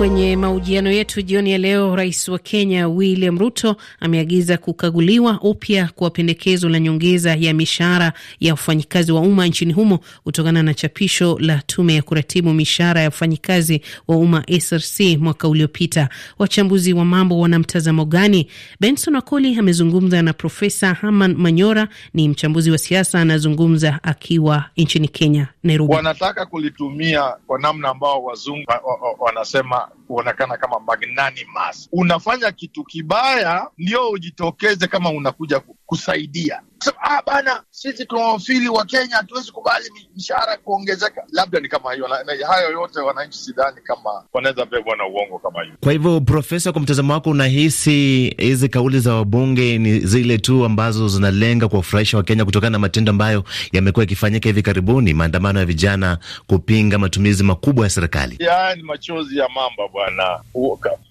Kwenye mahojiano yetu jioni ya leo, rais wa Kenya William Ruto ameagiza kukaguliwa upya kwa pendekezo la nyongeza ya mishahara ya wafanyikazi wa umma nchini humo kutokana na chapisho la tume ya kuratibu mishahara ya wafanyikazi wa umma SRC mwaka uliopita. Wachambuzi wa mambo wana mtazamo gani? Benson Wakoli amezungumza na Profesa Haman Manyora, ni mchambuzi wa siasa, anazungumza akiwa nchini Kenya, Nairobi. Wanataka kulitumia kwa namna ambao wazungu wanasema kuonekana kama magnanimous. Unafanya kitu kibaya ndio ujitokeze kama unakuja kusaidia so, ah, bana, sisi tunawafili wa Kenya, hatuwezi kubali mishahara kuongezeka. Labda ni kama hiyo, hayo yote wananchi sidhani kama wanaweza bebwa na uongo kama hiyo. Kwa hivyo, Profesa, kwa mtazamo wako, unahisi hizi kauli za wabunge ni zile tu ambazo zinalenga kuwafurahisha Wakenya kutokana na matendo ambayo yamekuwa yakifanyika hivi karibuni, maandamano ya vijana kupinga matumizi makubwa ya serikali? Haya ni machozi ya mamba bwana.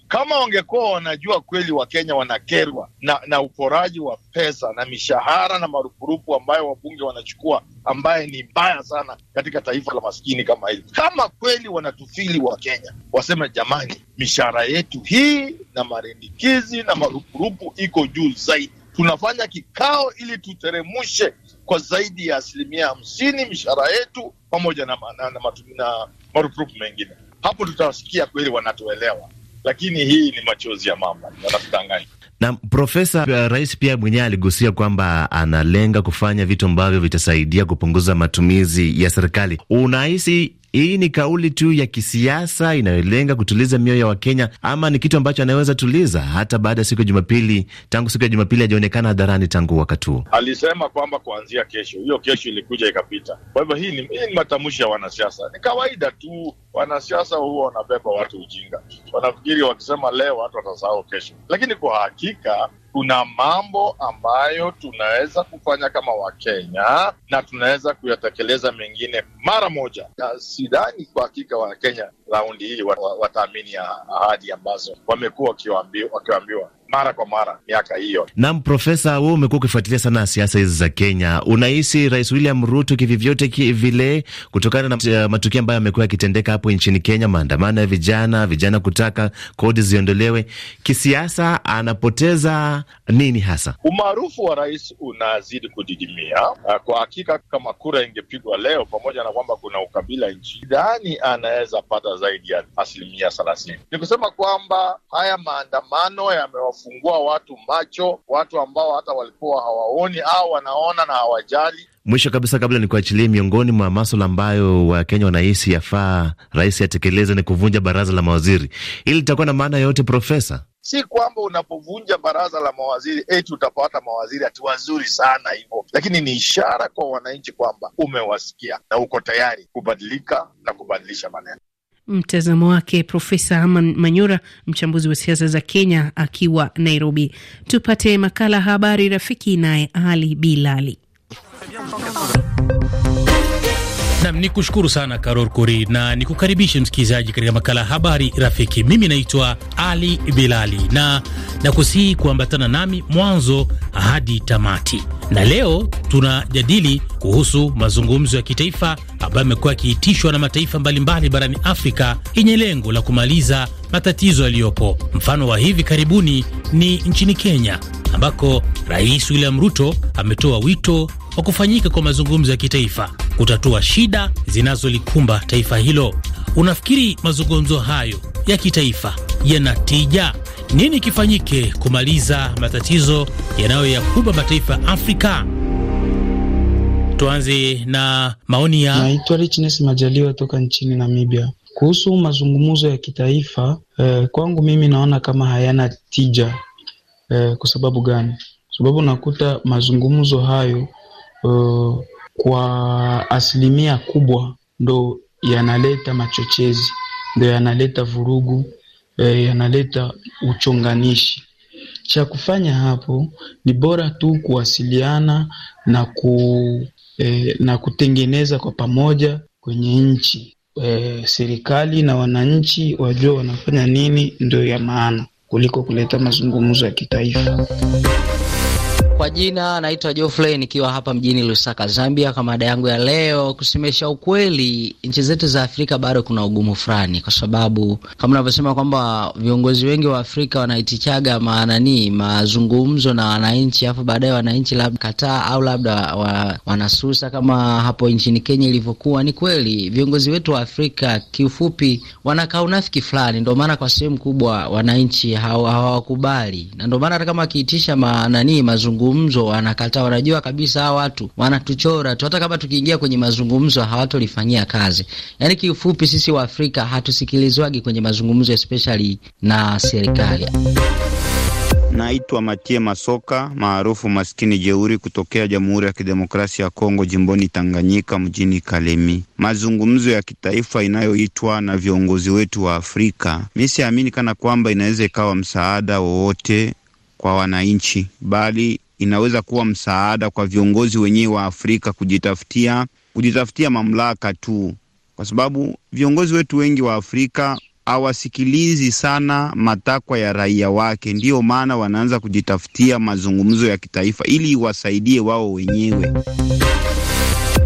Kama wangekuwa wanajua kweli Wakenya wanakerwa na, na uporaji wa pesa na mishahara na marupurupu ambayo wabunge wanachukua ambaye ni mbaya sana katika taifa la maskini kama hili, kama kweli wanatufili Wakenya waseme jamani, mishahara yetu hii na marindikizi na marupurupu iko juu zaidi, tunafanya kikao ili tuteremushe kwa zaidi ya asilimia hamsini mishahara yetu pamoja na, na, na, na, na marupurupu mengine. Hapo tutasikia kweli wanatuelewa lakini hii ni machozi ya mama, wanakudanganya. Na Profesa, uh, rais pia mwenyewe aligusia kwamba analenga kufanya vitu ambavyo vitasaidia kupunguza matumizi ya serikali. Unahisi hii ni kauli tu ya kisiasa inayolenga kutuliza mioyo ya Wakenya ama ni kitu ambacho anaweza tuliza hata baada ya siku ya Jumapili? Tangu siku ya Jumapili hajaonekana hadharani tangu wakati huo. Alisema kwamba kuanzia kesho, hiyo kesho ilikuja ikapita. Kwa hivyo hii ni, hii ni matamshi ya wanasiasa, ni kawaida tu. Wanasiasa huwa wanabeba watu ujinga, wanafikiri wakisema leo watu watasahau kesho, lakini kwa hakika kuna mambo ambayo tunaweza kufanya kama Wakenya na tunaweza kuyatekeleza mengine mara moja. Sidhani kwa hakika Wakenya raundi hii wataamini ahadi ambazo wamekuwa wakiwaambiwa mara kwa mara miaka hiyo. Naam, Profesa, wewe umekuwa ukifuatilia sana siasa hizi za Kenya, unahisi Rais William Ruto kivivyote vile, kutokana na eh, matukio ambayo amekuwa yakitendeka hapo nchini Kenya, maandamano ya vijana vijana kutaka kodi ziondolewe, kisiasa anapoteza nini hasa? Umaarufu wa rais unazidi kudidimia. Kwa hakika, kama kura ingepigwa leo, pamoja na kwamba kuna ukabila nchi, dhani anaweza pata zaidi ya asilimia thelathini. Ni kusema kwamba haya maandamano yamewafungua watu macho, watu ambao hata walikuwa hawaoni au wanaona na hawajali. Mwisho kabisa, kabla nikuachilie, miongoni mwa maswala ambayo Wakenya wanahisi yafaa rais atekeleze ni kuvunja baraza la mawaziri. Hili litakuwa na maana yyote Profesa? Si kwamba unapovunja baraza la mawaziri eti utapata mawaziri ati wazuri sana hivyo, lakini ni ishara kwa wananchi kwamba umewasikia na uko tayari kubadilika na kubadilisha maneno. Mtazamo wake Profesa aman Manyora, mchambuzi wa siasa za Kenya, akiwa Nairobi. Tupate makala Habari Rafiki naye Ali Bilali. Nam ni kushukuru sana Karol kuri na ni kukaribishe msikilizaji katika makala ya habari rafiki. Mimi naitwa Ali Bilali na nakusihi kuambatana nami mwanzo hadi tamati na leo tunajadili kuhusu mazungumzo ya kitaifa ambayo yamekuwa yakiitishwa na mataifa mbalimbali barani Afrika yenye lengo la kumaliza matatizo yaliyopo. Mfano wa hivi karibuni ni nchini Kenya ambako Rais William Ruto ametoa wito wa kufanyika kwa mazungumzo ya kitaifa kutatua shida zinazolikumba taifa hilo. Unafikiri mazungumzo hayo ya kitaifa yana tija? Nini kifanyike kumaliza matatizo yanayoyakumba mataifa ya Afrika? Tuanze na maoni ya naitwa Richness Majaliwa toka nchini Namibia. Kuhusu mazungumzo ya kitaifa eh, kwangu mimi naona kama hayana tija eh, kwa sababu gani? Kwa sababu nakuta mazungumzo hayo eh, kwa asilimia kubwa ndo yanaleta machochezi, ndo yanaleta vurugu yanaleta eh, uchonganishi. Cha kufanya hapo ni bora tu kuwasiliana na, ku, e, na kutengeneza kwa pamoja kwenye nchi e, serikali na wananchi wajua wanafanya nini, ndio ya maana kuliko kuleta mazungumzo ya kitaifa. Kwa jina naitwa Geoffrey nikiwa hapa mjini Lusaka, Zambia, kwa mada yangu ya leo kusemesha ukweli, nchi zetu za Afrika bado kuna ugumu fulani, kwa sababu kama unavyosema kwamba viongozi wengi wa Afrika wanaitichaga maanani mazungumzo na wananchi, alafu baadaye wananchi labda kataa au labda wa, wanasusa, kama hapo nchini Kenya ilivyokuwa. Ni kweli viongozi wetu wa Afrika kiufupi wanakaa unafiki fulani, ndio maana kwa sehemu kubwa wananchi hawakubali, na ndio maana hata kama wakiitisha maanani mazungumzo mazungumzo wanakataa, wanajua kabisa hawa watu wanatuchora tu, hata kama tukiingia kwenye mazungumzo hawatolifanyia kazi. Yaani kiufupi, sisi wa Afrika hatusikilizwagi kwenye mazungumzo especially na serikali. Naitwa Matie Masoka maarufu maskini jeuri kutokea Jamhuri ya Kidemokrasia ya Kongo jimboni Tanganyika mjini Kalemi. Mazungumzo ya kitaifa inayoitwa na viongozi wetu wa Afrika, mi siamini kana kwamba inaweza ikawa msaada wowote kwa wananchi, bali inaweza kuwa msaada kwa viongozi wenyewe wa Afrika kujitafutia kujitafutia mamlaka tu, kwa sababu viongozi wetu wengi wa Afrika hawasikilizi sana matakwa ya raia wake. Ndiyo maana wanaanza kujitafutia mazungumzo ya kitaifa ili iwasaidie wao wenyewe.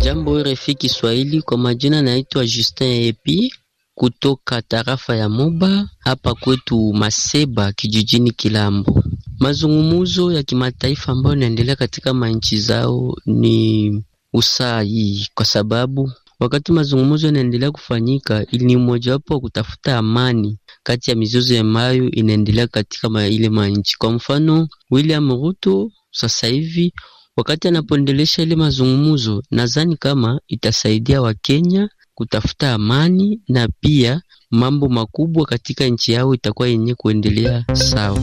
Jambo refi Kiswahili, kwa majina naitwa Justin Epi kutoka tarafa ya Moba hapa kwetu Maseba kijijini Kilambo. Mazungumuzo ya kimataifa ambayo inaendelea katika manchi zao ni usaa hii, kwa sababu wakati mazungumuzo yanaendelea kufanyika, ili ni mmojawapo wa kutafuta amani kati ya mizozo ambayo inaendelea katika ma ile manchi. Kwa mfano, William Ruto sasa hivi wakati anapoendelesha ile mazungumuzo, nadhani kama itasaidia Wakenya kutafuta amani na pia mambo makubwa katika nchi yao itakuwa yenye kuendelea sawa.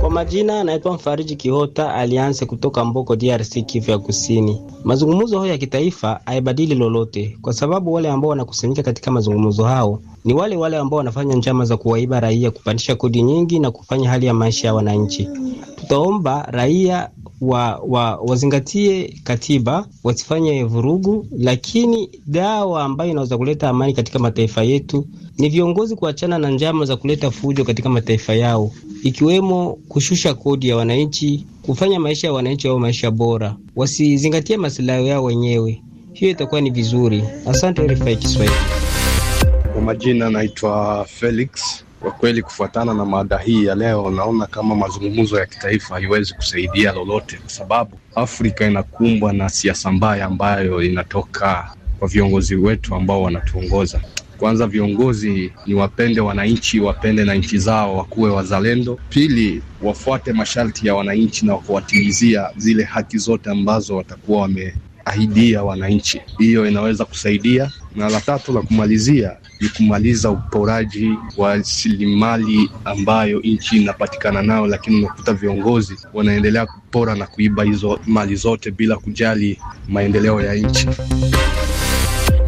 Kwa majina anaitwa Mfariji Kihota alianze kutoka Mboko, DRC, Kivu ya Kusini. Mazungumzo hayo ya kitaifa haibadili lolote, kwa sababu wale ambao wanakusanyika katika mazungumzo hao ni wale wale ambao wanafanya njama za kuwaiba raia, kupandisha kodi nyingi na kufanya hali ya maisha ya wananchi. Tutaomba raia wa, wa, wazingatie katiba, wasifanye vurugu, lakini dawa ambayo inaweza kuleta amani katika mataifa yetu ni viongozi kuachana na njama za kuleta fujo katika mataifa yao, ikiwemo kushusha kodi ya wananchi, kufanya maisha ya wananchi wao maisha bora, wasizingatie masilahi yao wenyewe. Hiyo itakuwa ni vizuri. Asante RFI Kiswahili. Kwa majina naitwa Felix. Kwa kweli kufuatana na mada hii ya leo, naona kama mazungumzo ya kitaifa haiwezi kusaidia lolote, kwa sababu Afrika inakumbwa na siasa mbaya ambayo inatoka kwa viongozi wetu ambao wanatuongoza. Kwanza viongozi ni wapende wananchi, wapende na nchi zao, wakuwe wazalendo. Pili, wafuate masharti ya wananchi na kuwatimizia zile haki zote ambazo watakuwa wameahidia wananchi. Hiyo inaweza kusaidia. Na la tatu la kumalizia ni kumaliza uporaji wa rasilimali ambayo nchi inapatikana nayo, lakini unakuta viongozi wanaendelea kupora na kuiba hizo mali zote bila kujali maendeleo ya nchi.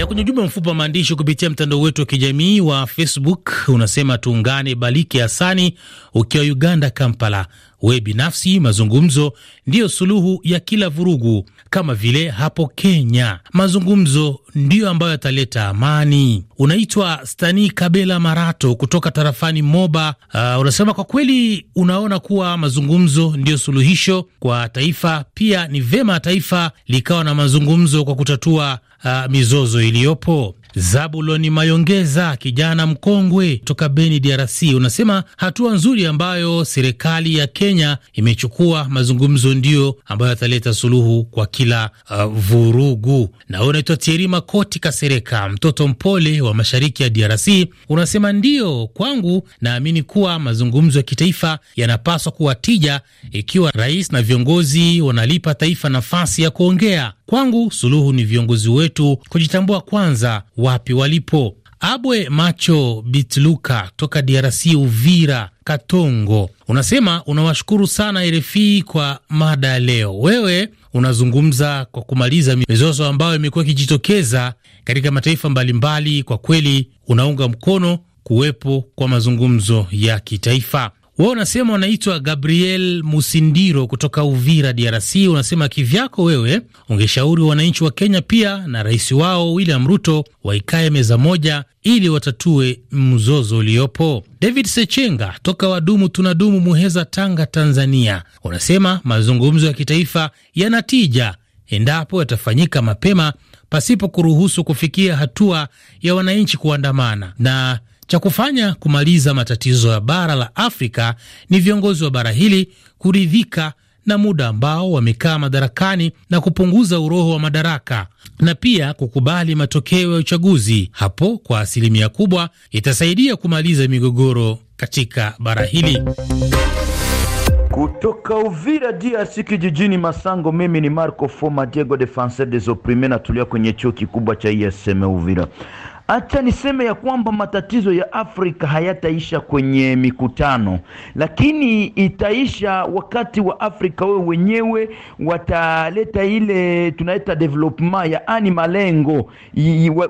Na kwenye ujumbe mfupi wa maandishi kupitia mtandao wetu wa kijamii wa Facebook unasema tuungane, Baliki Hasani ukiwa Uganda, Kampala, We binafsi, mazungumzo ndiyo suluhu ya kila vurugu, kama vile hapo Kenya. Mazungumzo ndiyo ambayo yataleta amani. Unaitwa Stani Kabela Marato kutoka tarafani Moba. Uh, unasema kwa kweli unaona kuwa mazungumzo ndiyo suluhisho kwa taifa. Pia ni vema taifa likawa na mazungumzo kwa kutatua uh, mizozo iliyopo. Zabuloni Mayongeza, kijana mkongwe kutoka Beni, DRC, unasema hatua nzuri ambayo serikali ya Kenya imechukua. Mazungumzo ndiyo ambayo yataleta suluhu kwa kila uh, vurugu. Na unaitwa Tieri Makoti Kasereka, mtoto mpole wa mashariki ya DRC, unasema ndiyo, kwangu naamini kuwa mazungumzo ya kitaifa yanapaswa kuwa tija ikiwa rais na viongozi wanalipa taifa nafasi ya kuongea Kwangu suluhu ni viongozi wetu kujitambua kwanza wapi walipo. Abwe Macho Bitluka toka DRC, Uvira Katongo, unasema unawashukuru sana RFI kwa mada ya leo. Wewe unazungumza kwa kumaliza mizozo ambayo imekuwa ikijitokeza katika mataifa mbalimbali. Kwa kweli unaunga mkono kuwepo kwa mazungumzo ya kitaifa. Wao unasema wanaitwa Gabriel Musindiro kutoka Uvira, DRC. Unasema kivyako wewe ungeshauri wananchi wa Kenya pia na rais wao William Ruto waikae meza moja ili watatue mzozo uliopo. David Sechenga toka Wadumu Tunadumu, Muheza, Tanga, Tanzania, unasema mazungumzo ya kitaifa yana tija endapo yatafanyika mapema pasipo kuruhusu kufikia hatua ya wananchi kuandamana na cha kufanya kumaliza matatizo ya bara la Afrika ni viongozi wa bara hili kuridhika na muda ambao wamekaa madarakani na kupunguza uroho wa madaraka na pia kukubali matokeo ya uchaguzi. Hapo kwa asilimia kubwa itasaidia kumaliza migogoro katika bara hili. Kutoka Uvira DRC kijijini Masango, mimi ni Marco Foma Diego de des Opprimes, natulia kwenye chuo kikubwa cha ISM e Uvira. Acha niseme ya kwamba matatizo ya Afrika hayataisha kwenye mikutano, lakini itaisha wakati wa Afrika wewe wenyewe wataleta ile tunaita development, yaani malengo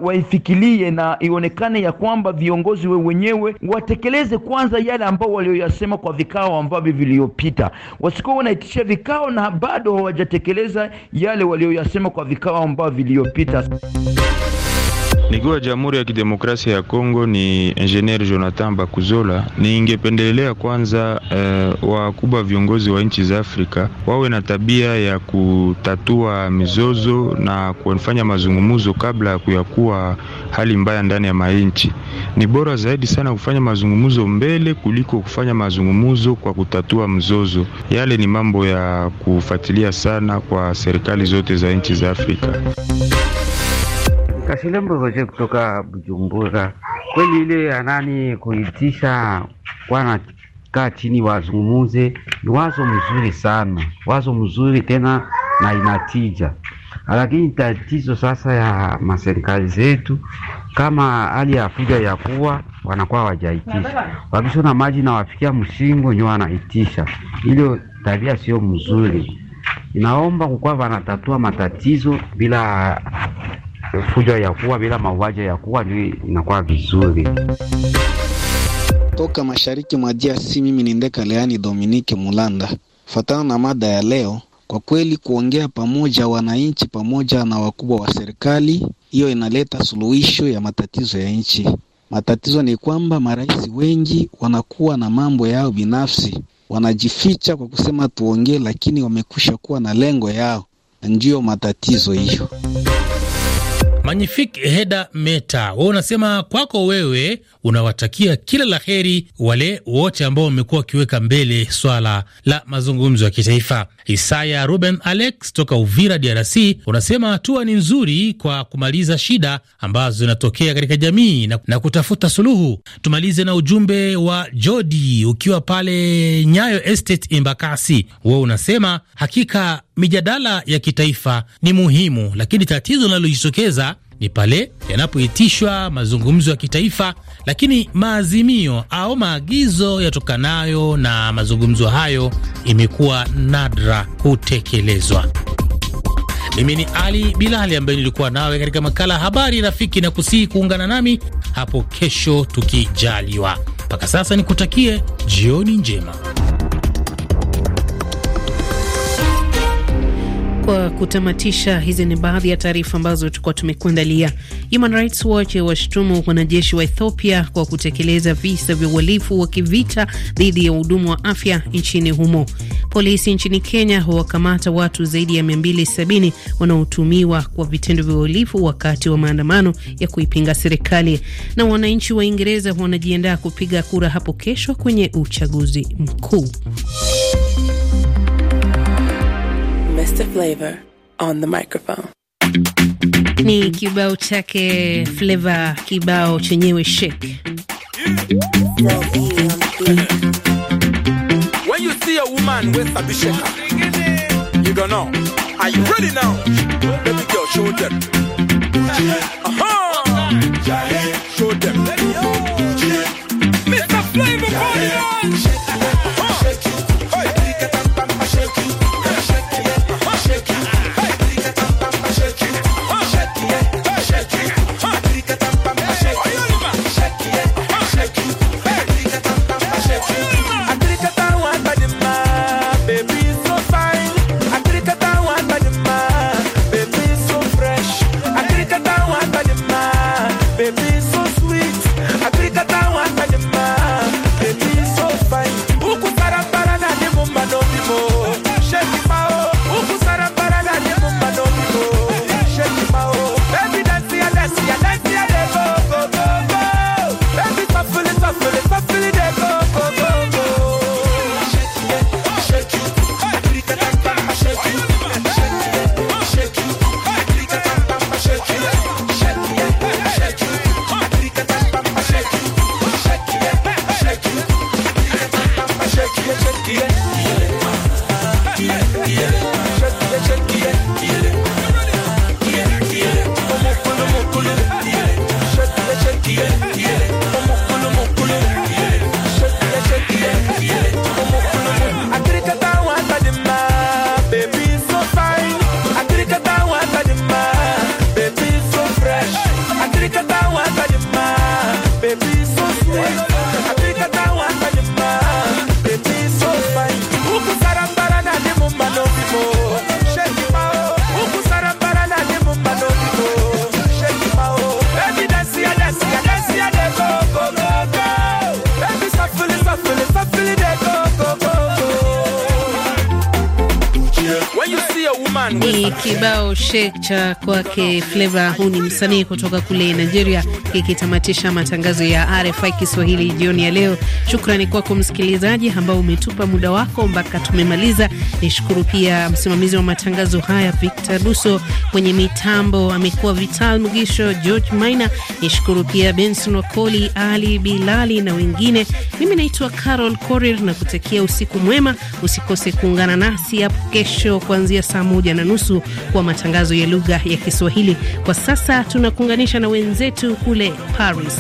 waifikilie, na ionekane ya kwamba viongozi wewe wenyewe watekeleze kwanza yale ambao walioyasema kwa vikao ambavyo viliopita. Wasikuwa wanaitisha vikao na bado hawajatekeleza yale walioyasema kwa vikao ambavyo viliopita. Nikiwa Jamhuri ya Kidemokrasia ya Kongo ni Engineer Jonathan Bakuzola. Ningependelea kwanza eh, wakubwa viongozi wa nchi za Afrika wawe na tabia ya kutatua mizozo na kufanya mazungumzo kabla ya kuyakuwa hali mbaya ndani ya mainchi. Ni bora zaidi sana kufanya mazungumzo mbele kuliko kufanya mazungumzo kwa kutatua mzozo. Yale ni mambo ya kufuatilia sana kwa serikali zote za nchi za Afrika. Kashilembo Roje kutoka Bujumbura. Kweli ile ya nani kuitisha kaa chini wazungumuze ni wazo mzuri sana, wazo mzuri tena na inatija, lakini tatizo sasa ya maserikali zetu, kama hali ya fuja ya kuwa wanakuwa wajaitisha, na maji na wafikia mshingo nyo wanaitisha. Ile tabia sio mzuri, inaomba kukuwa wanatatua matatizo bila fujo ya kuwa bila mauaji ya kuwa ndio inakuwa vizuri. Toka mashariki mwa DRC, mimi ni Ndeka Leani Dominike Mulanda. Fatana na mada ya leo, kwa kweli kuongea pamoja wananchi pamoja na wakubwa wa serikali, hiyo inaleta suluhisho ya matatizo ya nchi. Matatizo ni kwamba marais wengi wanakuwa na mambo yao binafsi, wanajificha kwa kusema tuongee, lakini wamekusha kuwa na lengo yao, na ndiyo matatizo hiyo. Magnifique Heda Meta, wewe unasema kwako wewe unawatakia kila la heri wale wote ambao wamekuwa wakiweka mbele swala la mazungumzo ya kitaifa. Isaya Ruben Alex toka Uvira, DRC, unasema hatua ni nzuri kwa kumaliza shida ambazo zinatokea katika jamii na, na kutafuta suluhu. Tumalize na ujumbe wa Jodi ukiwa pale Nyayo Estate Embakasi, wewe unasema hakika mijadala ya kitaifa ni muhimu, lakini tatizo linalojitokeza ni pale yanapoitishwa mazungumzo ya kitaifa, lakini maazimio au maagizo yatokanayo na mazungumzo hayo imekuwa nadra kutekelezwa. Mimi ni Ali Bilali ambaye nilikuwa nawe katika makala ya habari rafiki, na kusihi kuungana nami hapo kesho tukijaliwa. Mpaka sasa nikutakie jioni njema. kwa kutamatisha, hizi ni baadhi ya taarifa ambazo tulikuwa tumekuandalia. Human Rights Watch washutumu wanajeshi wa Ethiopia kwa kutekeleza visa vya uhalifu wa kivita dhidi ya wahudumu wa afya nchini humo. Polisi nchini Kenya huwakamata watu zaidi ya 270 wanaotumiwa kwa vitendo vya uhalifu wakati wa maandamano ya kuipinga serikali. Na wananchi wa Uingereza wanajiandaa kupiga kura hapo kesho kwenye uchaguzi mkuu. of flavor on the microphone. Ni kibao chake Flavor, kibao chenyewe shake. When you see a woman with a bishaka, you don't know. Are you ready now? Baby girl, show them. Uh-huh. Why kibao shek cha kwake Fleva. Huu ni msanii kutoka kule Nigeria, kikitamatisha matangazo ya RFI Kiswahili jioni ya leo. Shukrani kwako msikilizaji ambao umetupa muda wako mpaka tumemaliza. Nishukuru pia msimamizi wa matangazo haya Victor Buso, kwenye mitambo amekuwa Vital Mugisho, George Maina. Nishukuru pia Benson Wakoli, Ali Bilali na wengine. Mimi naitwa Carol Korir na kutakia usiku mwema. Usikose kuungana nasi hapo kesho kuanzia saa moja na nusu nusu kwa matangazo ya lugha ya Kiswahili. Kwa sasa tunakuunganisha na wenzetu kule Paris.